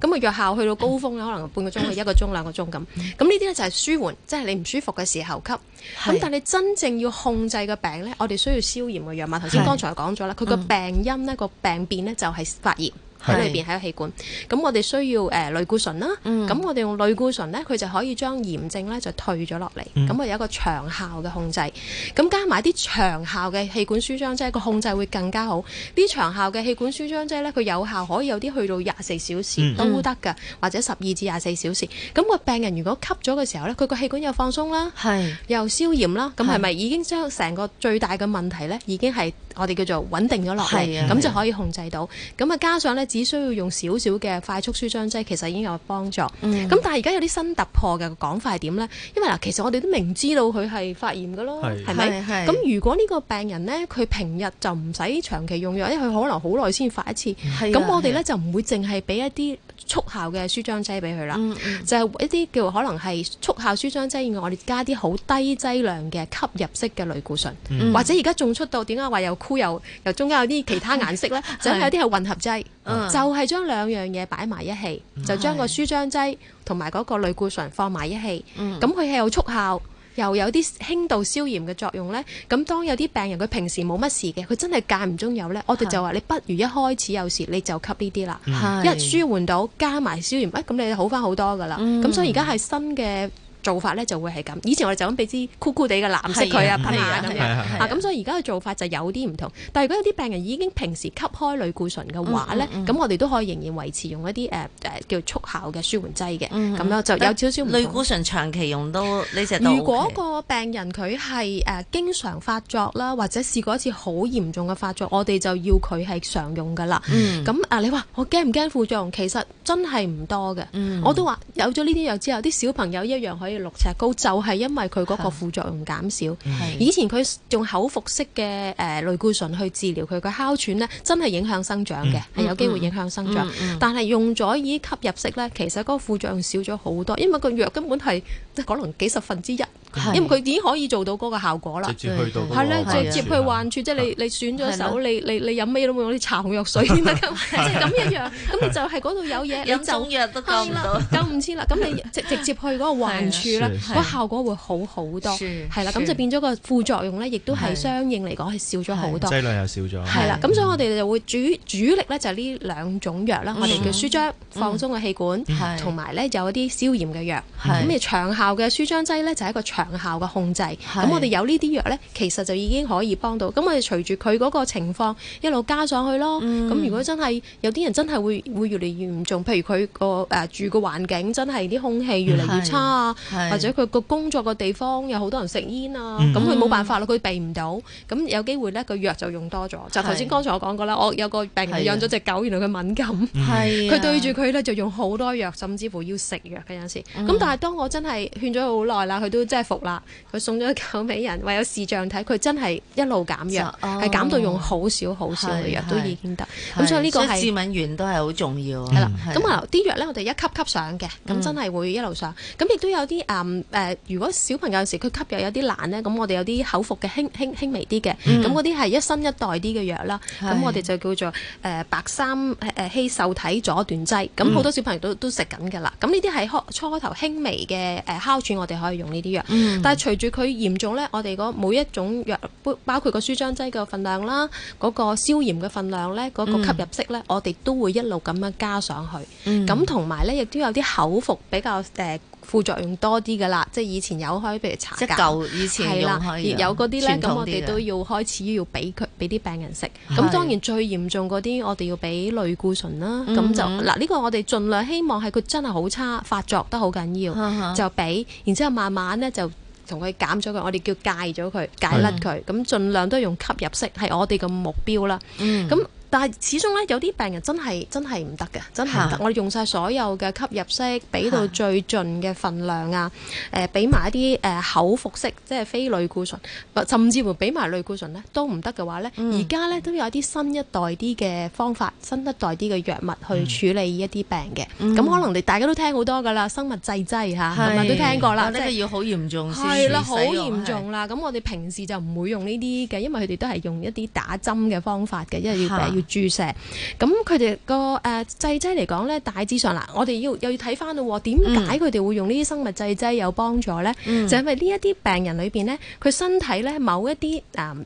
咁個藥效去到高峰可能半個鐘去一個鐘兩個鐘咁。咁呢啲咧就係舒緩，即係你唔舒服嘅時候吸。咁但係你真正要控制個病咧，我哋需要消炎嘅藥物。頭先剛才講咗啦，佢個病因咧個病變咧就係發炎。喺裏面，喺個氣管，咁是我哋需要誒、呃、類固醇啦，咁、嗯、我哋用類固醇咧，佢就可以將炎症咧就退咗落嚟，咁啊、嗯、有一個長效嘅控制，咁加埋啲長效嘅氣管舒張劑，個控制會更加好。啲長效嘅氣管舒張劑咧，佢有效可以有啲去到廿四小時都得㗎，嗯、或者十二至廿四小時。咁、那個病人如果吸咗嘅時候咧，佢個氣管又放鬆啦，是又消炎啦，咁係咪已經將成個最大嘅問題咧？已經係。我哋叫做穩定咗落嚟，咁、啊、就可以控制到。咁啊，加上咧，只需要用少少嘅快速舒張劑，其實已經有幫助。咁、啊、但係而家有啲新突破嘅講法係點咧？因為嗱，其實我哋都明知道佢係發炎㗎咯，係咪？咁如果呢個病人咧，佢平日就唔使長期用藥，因為佢可能好耐先發一次。咁、啊、我哋咧就唔會淨係俾一啲。速效嘅舒張劑俾佢啦，嗯嗯、就係一啲叫做可能係速效舒張劑，因為我哋加啲好低劑量嘅吸入式嘅類固醇，嗯、或者而家仲出到點解話又酷又又中間有啲其他顏色咧？ 是就係有啲係混合劑，嗯、就係將兩樣嘢擺埋一氣，嗯、就將個舒張劑同埋嗰個類固醇放埋一氣，咁佢係有速效。又有啲輕度消炎嘅作用呢。咁當有啲病人佢平時冇乜事嘅，佢真係間唔中有呢。我哋就話是你不如一開始有事你就吸呢啲啦，是一舒緩到加埋消炎，啊、哎、咁你好翻好多噶啦，咁、嗯、所以而家係新嘅。做法咧就會係咁，以前我哋就咁俾支酷酷地嘅藍色佢啊噴下咁樣啊，咁所以而家嘅做法就有啲唔同。但係如果有啲病人已經平時吸開類固醇嘅話咧，咁、嗯嗯嗯、我哋都可以仍然維持用一啲誒誒叫速效嘅舒緩劑嘅，咁樣、嗯嗯、就有少少類固醇長期用都呢隻都。如果個病人佢係誒經常發作啦，或者試過一次好嚴重嘅發作，我哋就要佢係常用㗎啦。咁啊、嗯，你話我驚唔驚副作用？其實真係唔多嘅。嗯、我都話有咗呢啲藥之後，啲小朋友一樣可以。六尺高就係、是、因為佢嗰個副作用減少，是以前佢用口服式嘅誒類固醇去治療佢個哮喘，真係影響生長嘅，係有機會影響生長。但係用咗以啲吸入式呢，其實嗰個副作用少咗好多，因為個藥根本係可能幾十分之一。因為佢已經可以做到嗰個效果啦，係啦，即係直接去患處，即係你你選咗手，你你你飲咩都冇用，啲搽紅藥水咁，即係咁一樣。咁你就係嗰度有嘢，飲中藥都救唔到，救唔切啦。咁你直接去嗰個患處啦，個效果會好好多，係啦。咁就變咗個副作用咧，亦都係相應嚟講係少咗好多，劑量又少咗，係啦。咁所以我哋就會主主力咧就係呢兩種藥啦，我哋叫舒張放鬆嘅氣管，同埋咧有一啲消炎嘅藥。咁你長效嘅舒張劑咧就係一個療效嘅控制，咁是我哋有藥呢啲藥咧，其實就已經可以幫到。咁我哋隨住佢嗰個情況一路加上去咯。咁、嗯、如果真係有啲人真係會會越嚟越嚴重，譬如佢個誒、呃、住個環境真係啲空氣越嚟越差啊，或者佢個工作個地方有好多人食煙啊，咁佢冇辦法啦，佢避唔到。咁有機會咧，個藥就用多咗。是就頭先剛才我講過啦，我有個病人養咗隻狗，啊、原來佢敏感，佢、啊、 對住佢咧就用好多藥，甚至乎要食藥嘅有陣時。咁、嗯、但係當我真係勸咗佢好耐啦，佢都真係。服啦，佢送咗九尾人，唯有視像睇，佢真係一路減藥，係減到用好少好少嘅藥都已經得。咁所以呢個係致敏原都係好重要。係啦，咁啊啲藥咧，我哋一級級上嘅，咁真係會一路上。咁亦都有啲誒，如果小朋友有時佢吸藥有啲難咧，咁我哋有啲口服嘅輕輕輕微啲嘅，咁嗰啲係一新一代啲嘅藥啦。咁我哋就叫做誒白三誒誒烯受體阻斷劑，咁好多小朋友都都食緊㗎啦。咁呢啲係初初頭輕微嘅誒哮喘，我哋可以用呢啲藥。嗯、但係隨住佢嚴重咧，我哋嗰每一種藥，包括個舒張劑嘅分量啦，嗰、那個消炎嘅分量咧，嗰、那個吸入式咧，嗯、我哋都會一路咁樣加上去。咁同埋咧，亦都有啲口服比較誒。呃副作用多啲噶啦，即以前有開譬如茶膠，即舊以前係啦，有嗰啲咧，咁我哋都要開始要俾佢，俾啲病人食。咁當然最嚴重嗰啲，我哋要俾類固醇啦。咁的就嗱呢、嗯哼呢個我哋盡量希望係佢真係好差發作得好緊要，嗯、哼就俾，然之後慢慢咧就同佢減咗佢，我哋叫戒咗佢，戒甩佢，咁的盡量都用吸入式，係我哋個目標啦。咁、嗯。但係始終咧，有啲病人真係真係唔得嘅，真係唔得。的我哋用晒所有嘅吸入式，俾到最盡嘅份量啊，誒俾埋一啲誒、呃、口服式，即係非類固醇，甚至乎俾埋類固醇咧都唔得嘅話咧，而家咧都有一啲新一代啲嘅方法，新一代啲嘅藥物去處理一啲病嘅。咁、嗯、可能你大家都聽好多㗎啦，生物製劑係咪？啊的嗯、都聽過啦，的即係是要好嚴重先，係啦，好嚴重啦。咁的我哋平時就唔會用呢啲嘅，因為佢哋都係用一啲打針嘅方法嘅，因為要。注射。咁佢哋個誒製劑嚟講咧，大致上啦，我哋要又要睇翻咯，點解佢哋會用呢啲生物製劑有幫助咧？就因為呢一啲病人裏邊咧，佢身體咧某一啲誒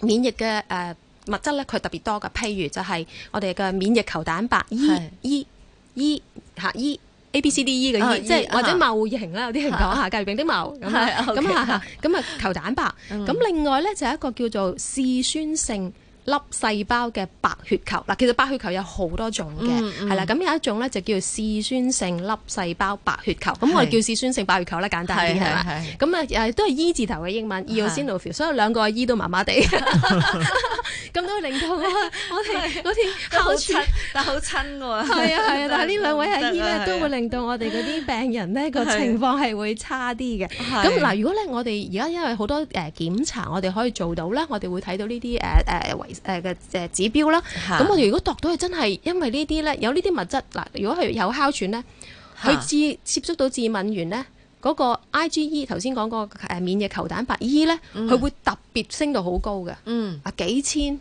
免疫嘅誒物質咧，佢特別多噶。譬如就係我哋嘅免疫球蛋白 E、E、E 吓 E、A、B、C、D、E 嘅 E，即係或者謬型啦，有啲人講下，隔如病啲毛咁樣咁啊，咁啊球蛋白。咁另外咧就係一個叫做嗜酸性粒細胞嘅白血球嗱，其實白血球有好多種嘅，係啦，咁有一種咧就叫做嗜酸性粒細胞白血球，咁我哋叫嗜酸性白血球咧簡單啲係咁啊都係醫字頭嘅英文 eosinophil 所以兩個阿姨都麻麻地，咁都令到我我哋我哋好親但好親㗎喎，係啊係啊，但係呢兩位阿姨咧都會令到我哋嗰啲病人呢個情況係會差啲嘅，咁嗱如果咧我哋而家因為好多誒檢查我哋可以做到咧，我哋會睇到呢啲誒誒誒嘅誒指標啦，咁哈我哋如果度到佢真係因為呢啲咧有呢啲物質嗱、呃，如果係有哮喘咧，佢接接觸到致敏原咧，嗰、嗰個 IgE 頭先講個誒免疫球蛋白 E 咧，佢會特別升到好高嘅，啊、嗯、幾千。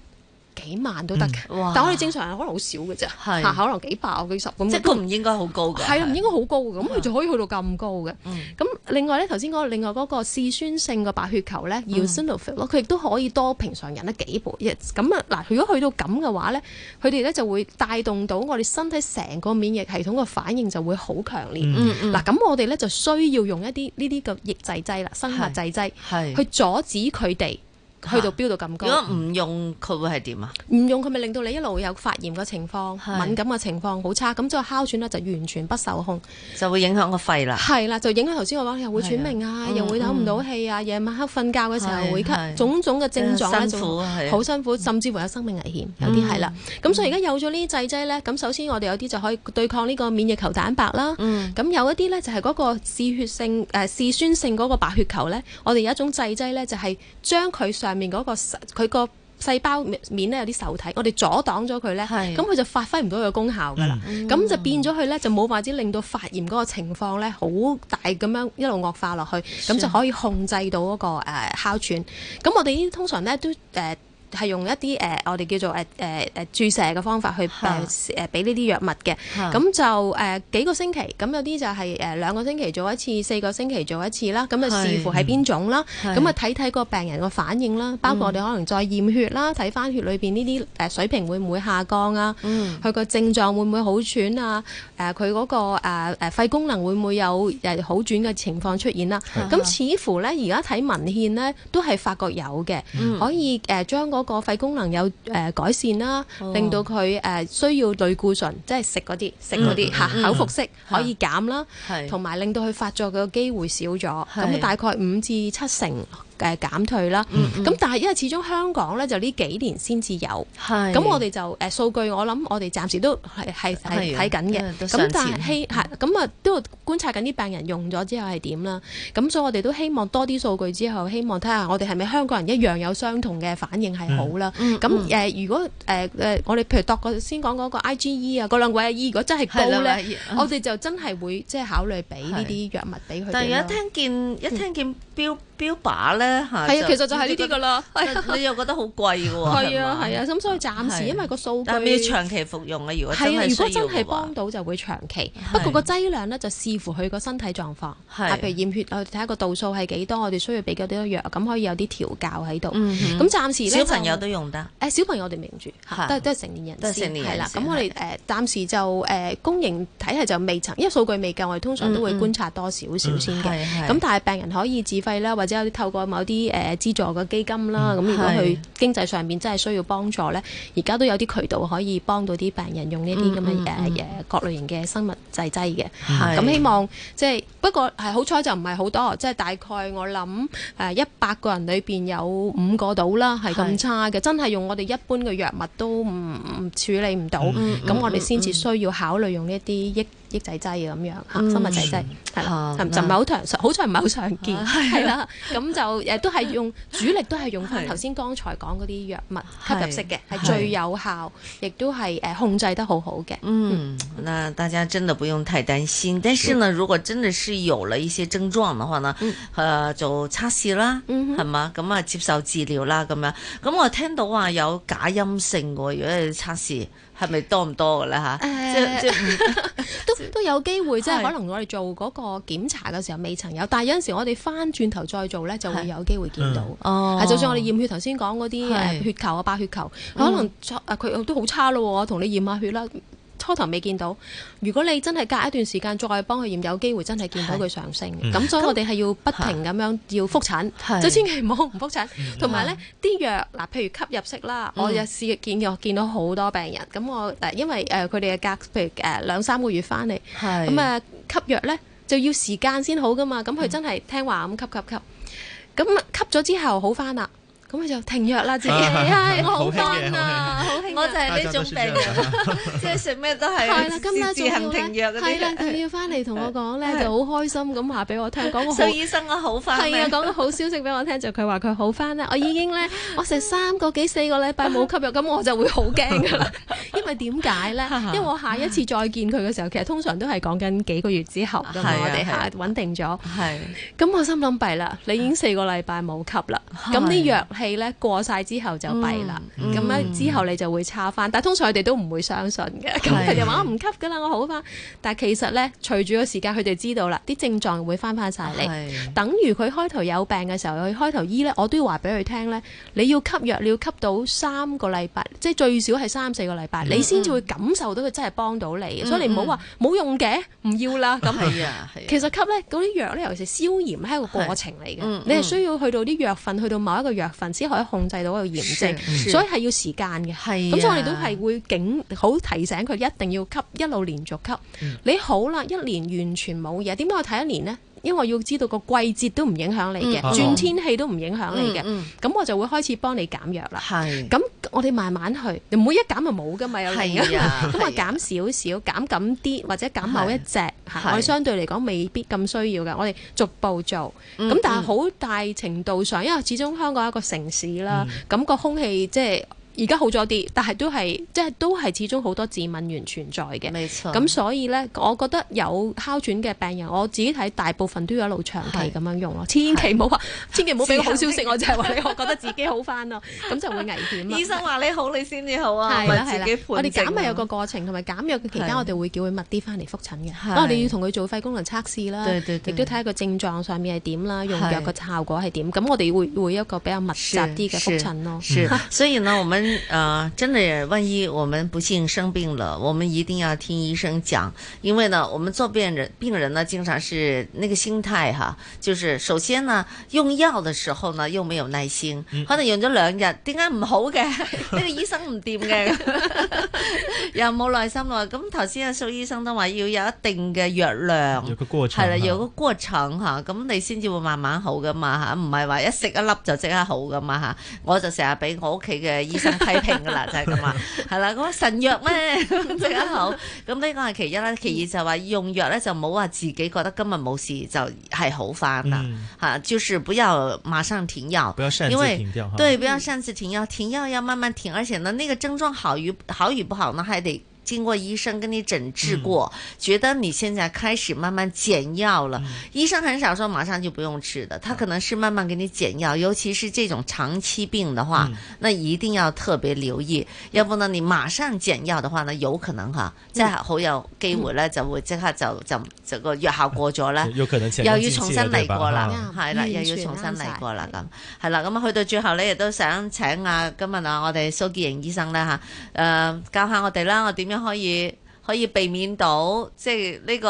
幾萬都得嘅，但我哋正常人可能好少嘅啫，嚇可能幾百幾十咁。即係佢唔應該好高㗎，係啊，唔應該好高㗎，咁佢就可以去到咁高嘅。咁另外咧，頭先講另外嗰個嗜酸性嘅白血球咧 eosinophil 咯，佢亦都可以多平常人咧幾倍，咁啊嗱，如果去到咁嘅話咧，佢哋咧就會帶動到我哋身體成個免疫系統嘅反應就會好強烈。嗱，咁我哋咧就需要用一啲呢啲嘅抑制劑啦，生物製劑去阻止佢哋。去到飆到咁高，如果唔用佢會係點啊？唔用佢咪令到你一路有發炎嘅情況、敏感嘅情況好差，咁再哮喘咧就完全不受控，就會影響個肺啦。係啦，就影響頭先我話，又會喘鳴啊，又會唞唔到氣啊，夜晚黑瞓覺嘅時候會咳，種種嘅症狀咧，仲好辛苦，甚至乎有生命危險，有啲係啦。咁所以而家有咗呢啲製劑咧，咁首先我哋有啲就可以對抗呢個免疫球蛋白啦。咁有一啲咧就係嗰個嗜血性誒嗜酸性嗰個白血球咧，我哋有一種製劑咧就係將佢上。上面嗰細，佢個細胞面咧，有啲受體，我哋阻擋咗佢咧，咁佢的就發揮唔到佢嘅功效㗎啦。咁的就變咗佢咧，就冇辦法令到發炎嗰個情況咧，好大咁樣一路惡化落去，咁的就可以控制到嗰、嗰個、呃、哮喘。咁我哋呢啲通常咧都、呃係用一啲誒、呃，我哋叫做誒誒誒注射嘅方法去誒誒俾呢啲藥物嘅，咁的就誒、呃、幾個星期，咁有啲就係誒兩個星期做一次，四個星期做一次啦，咁啊視乎係邊種啦，咁啊睇睇個病人個反應啦，的包括我哋可能再驗血啦，睇翻血裏邊呢啲誒水平會唔會下降啊？佢個的症狀會唔會好轉啊？誒佢嗰個誒、呃、肺功能會唔會有誒好轉嘅情況出現啦？咁的似乎咧，而家睇文獻咧，都係發覺有嘅，的可以誒、呃、將、那個嗰個肺功能有誒、呃、改善啦，哦、令到佢誒、呃、需要類固醇，即係食嗰啲食嗰啲嚇、嗯啊、口服式可以減啦，同埋、啊、令到佢發作嘅機會少咗，咁是的 大概五至七成。誒減退啦，咁但係因為始終香港咧就呢幾年先至有，咁我哋就誒數據，我諗我哋暫時都係係係睇緊嘅，咁但係希咁啊都觀察緊啲病人用咗之後係點啦，咁所以我哋都希望多啲數據之後，希望睇下我哋係咪香港人一樣有相同嘅反應係好啦，咁誒如果誒誒我哋譬如度過先講嗰個 IgE 啊，嗰兩位阿姨，如果真係高咧，我哋就真係會即係考慮俾呢啲藥物俾佢哋。但係一聽見一聽見標。標靶咧嚇，係啊，其實就係呢啲㗎啦。你又覺得好貴㗎喎？係啊係啊，咁所以暫時因為個數，但係要長期服用啊！如果係如果真係幫到，就會長期。不過個劑量咧就視乎佢個身體狀況。譬如驗血，我哋睇下個度數係幾多，我哋需要俾幾多啲藥，咁可以有啲調教喺度。嗯哼。咁暫時咧，小朋友都用得。誒，小朋友我哋唔住，都係都係成年人。成年啦，咁我哋誒暫時就誒公營體系就未曾，因為數據未夠，我哋通常都會觀察多少少先嘅。咁但係病人可以自費啦，之後透過某啲誒資助嘅基金啦，咁、嗯、如果佢經濟上面真係需要幫助咧，而家都有啲渠道可以幫到啲病人用呢啲咁嘅誒各類型嘅生物製劑嘅。咁、嗯嗯嗯、希望即係是不過係好彩就唔係好多，即係大概我諗一百個人裏面有五個到啦，係咁差嘅，是真係用我哋一般嘅藥物都唔唔處理唔到，咁、嗯嗯嗯、我哋先至需要考慮用呢啲益。抑制劑嘅咁樣，生物製劑係啦，就唔係好常，好彩唔係好常見，係啦。咁就誒都係用主力，都係用翻頭先剛才講嗰啲藥物吸入式嘅，係最有效，亦都係誒控制得好好嘅。嗯，那大家真的不用太擔心，但是呢，如果真的是有了一些症狀嘅話呢，誒做測試啦，係嘛？咁啊接受治療啦，咁樣。咁我聽到話有假陰性喎，如果係測試。係咪多唔多噶啦嚇，誒，即係都都有機會，即係是可能我哋做嗰個檢查嘅時候未曾有，但係有陣時我哋翻轉頭再做咧，就會有機會見到。哦是，係、嗯，就算我哋驗血頭先講嗰啲誒血球啊、是白血球，可能誒佢都好差咯喎，同你驗下血啦。初頭未見到，如果你真係隔一段時間再幫佢驗，有機會真係見到佢上升。咁的所以我哋係要不停咁樣要復診，是的就千祈唔好唔復診。同埋的呢啲藥，嗱譬如吸入式啦的，我日試見我見到好多病人。咁我因為誒佢哋嘅隔，譬如誒、呃、兩三個月翻嚟，咁的啊吸藥呢，就要時間先好噶嘛。咁佢真係聽話咁吸吸吸，咁吸咗之後好翻啦。咁佢就停藥啦，自己啊，我好翻啊，好興！我就係呢種病，即係食咩都係。係啦，今日仲要停藥嗰啲，係啦，仲要翻嚟同我講咧，就好開心咁話俾我聽，講我好。蘇醫生，我好翻。係啊，講個好消息俾我聽，就佢話佢好翻啦。我已經咧，我成三個幾、四個禮拜冇吸藥，咁我就會好驚㗎啦。因為點解咧？因為我下一次再見佢嘅時候，其實通常都係講緊幾個月之後，咁我哋下穩定咗。係。咁我心諗，弊啦，你已經四個禮拜冇吸啦，咁啲藥。氣咧過晒之後就閉啦，咁樣、嗯嗯、之後你就會差翻。但係通常佢哋都唔會相信嘅，咁佢是的 就話我唔吸噶啦，我好翻。但係其實咧，隨住個時間，佢哋知道啦，啲症狀會翻翻晒嚟，是的 等於佢開頭有病嘅時候，佢開頭醫咧，我都要話俾佢聽咧，你要吸藥，你要吸到三個禮拜，即係最少係三四個禮拜，嗯嗯你先至會感受到佢真係幫到你。嗯嗯所以你唔好話冇用嘅，唔要啦。咁係， 其實吸咧嗰啲藥咧，尤其是消炎，係一個過程嚟嘅，嗯嗯你係需要去到啲藥粉，去到某一個藥粉。只可以控制到個炎症，是是所以係要時間嘅。咁所以我哋都係會警好提醒佢，一定要吸一路連續吸。嗯、你好啦，一年完全冇嘢，點解我睇一年咧？因為要知道個季節都唔影響你嘅，轉天氣都唔影響你嘅，咁我就會開始幫你減藥啦。係，咁我哋慢慢去，唔會一減就冇噶嘛？有時咁我減少少，減咁啲或者減某一隻吓，我哋相對嚟講未必咁需要嘅，我哋逐步做。咁但係好大程度上，因為始終香港係一個城市啦，咁個空氣即係。而家好咗啲，但係都係即係都係始終好多致敏源存在嘅。咁所以呢，我覺得有哮喘嘅病人，我自己睇大部分都要一路長期咁樣用咯。千祈唔好話，千祈唔好俾個好消息我，即係話你覺得自己好翻咯，咁就會危險。醫生話你好，你先至好啊。我哋減咪有個過程，同埋減藥嘅期間，我哋會叫佢密啲翻嚟復診嘅。我哋要同佢做肺功能測試啦，亦都睇下個症狀上面係點啦，用藥個效果係點。咁我哋會會一個比較密集啲嘅復診咯。所以我啊、呃，真的，萬一我們不幸生病了，我們一定要聽醫生講，因為呢，我們做病人病人呢，經常是那個心態哈，就是首先呢，用藥的時候呢，又沒有耐心，可能用咗兩日，點解唔好嘅？呢 個醫生唔掂嘅， 又冇耐心咯。咁頭先阿蘇醫生都話要有一定嘅藥量，有個過程係啦，有個過程吓，咁你先至會慢慢好噶嘛吓，唔係話一食一粒就即刻好噶嘛吓。我就成日俾我屋企嘅醫生批評㗎喇，就係咁啊，係啦， 咁神藥，咩食得好？咁呢個係其一啦，其二就話用藥咧就冇話自己覺得今日冇事就係、是、好返啦、啊。嗯、啊，就是不要馬上停藥，不要擅自停掉為為對，不要擅自停藥，嗯、停藥要慢慢停，而且呢，那個症狀好與好與不好呢，呢還得。經過醫生跟你診治過，覺得你現在開始慢慢減藥了。醫生很少說馬上就不用治的，他可能是慢慢給你減藥。尤其是這種長期病的話，那一定要特別留意，要不呢你馬上減藥的話呢，有可能吓，即係好有機會咧就會即刻就就就個藥效過咗啦，有可能又要重新嚟過啦，係啦，又要重新嚟過啦咁，係啦，咁啊去到最後咧亦都想請啊今日啊我哋蘇潔瑩醫生咧吓，誒教下我哋啦，我點樣？可以可以避免到，即係呢個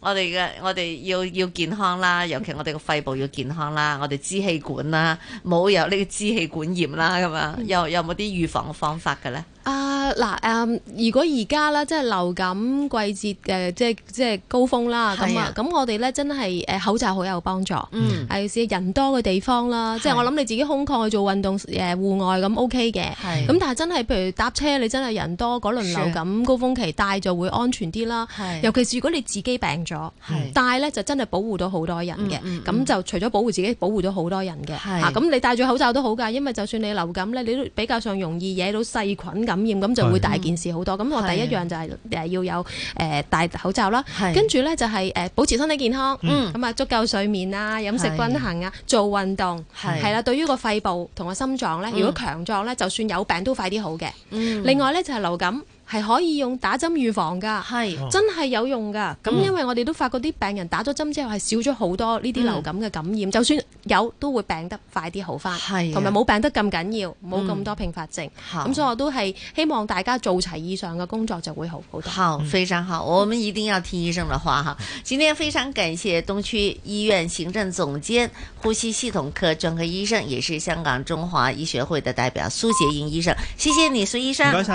我哋嘅我哋要要健康啦，尤其我哋個肺部要健康啦，我哋支氣管啦，冇有呢個支氣管炎啦咁樣， 有有冇啲預防嘅方法嘅咧？啊嗱，誒、嗯、如果而家咧，即係流感季節嘅、呃，即係即係高峰啦。係是啊、嗯。咁我哋咧真係誒口罩好有幫助。嗯。尤其是人多嘅地方啦，是 即係我諗你自己空曠去做運動，誒、呃、戶外咁 OK 嘅。係是。咁但係真係譬如搭車，你真係人多嗰輪流感高峰期戴就會安全啲啦。是 尤其是如果你自己病咗，是 戴咧就真係保護到好多人嘅。嗯，嗯。咁、嗯、就除咗保護自己，保護到好多人嘅。係是、啊。咁你戴住口罩都好㗎，因為就算你流感咧，你都比較上容易惹到細菌㗎。感染咁就會大件事好多，咁是我第一樣就係、是、是要有誒、呃、戴口罩啦，跟住是呢就係、是呃、保持身體健康，嗯，咁啊足夠睡眠啊，飲食均衡啊，是做運動係啦是，對於個肺部同個心臟呢，如果強壯呢，嗯、就算有病都快啲好嘅。嗯、另外呢，就係、是、流感。係可以用打針預防噶，係是真係有用噶。咁、哦、因為我哋都發覺啲病人打咗針之後係少咗好多呢啲流感嘅感染，嗯、就算有都會病得快啲好翻，同埋冇病得咁緊要，冇咁、嗯、多併發症。咁好所以我都係希望大家做齊以上嘅工作就會好好多。好，非常好，我們一定要聽醫生的話哈。嗯、今天非常感謝東區醫院行政總監、呼吸系統科專科醫生，也是香港中華醫學會的代表蘇潔瑩醫生，謝謝你，蘇醫生。謝謝。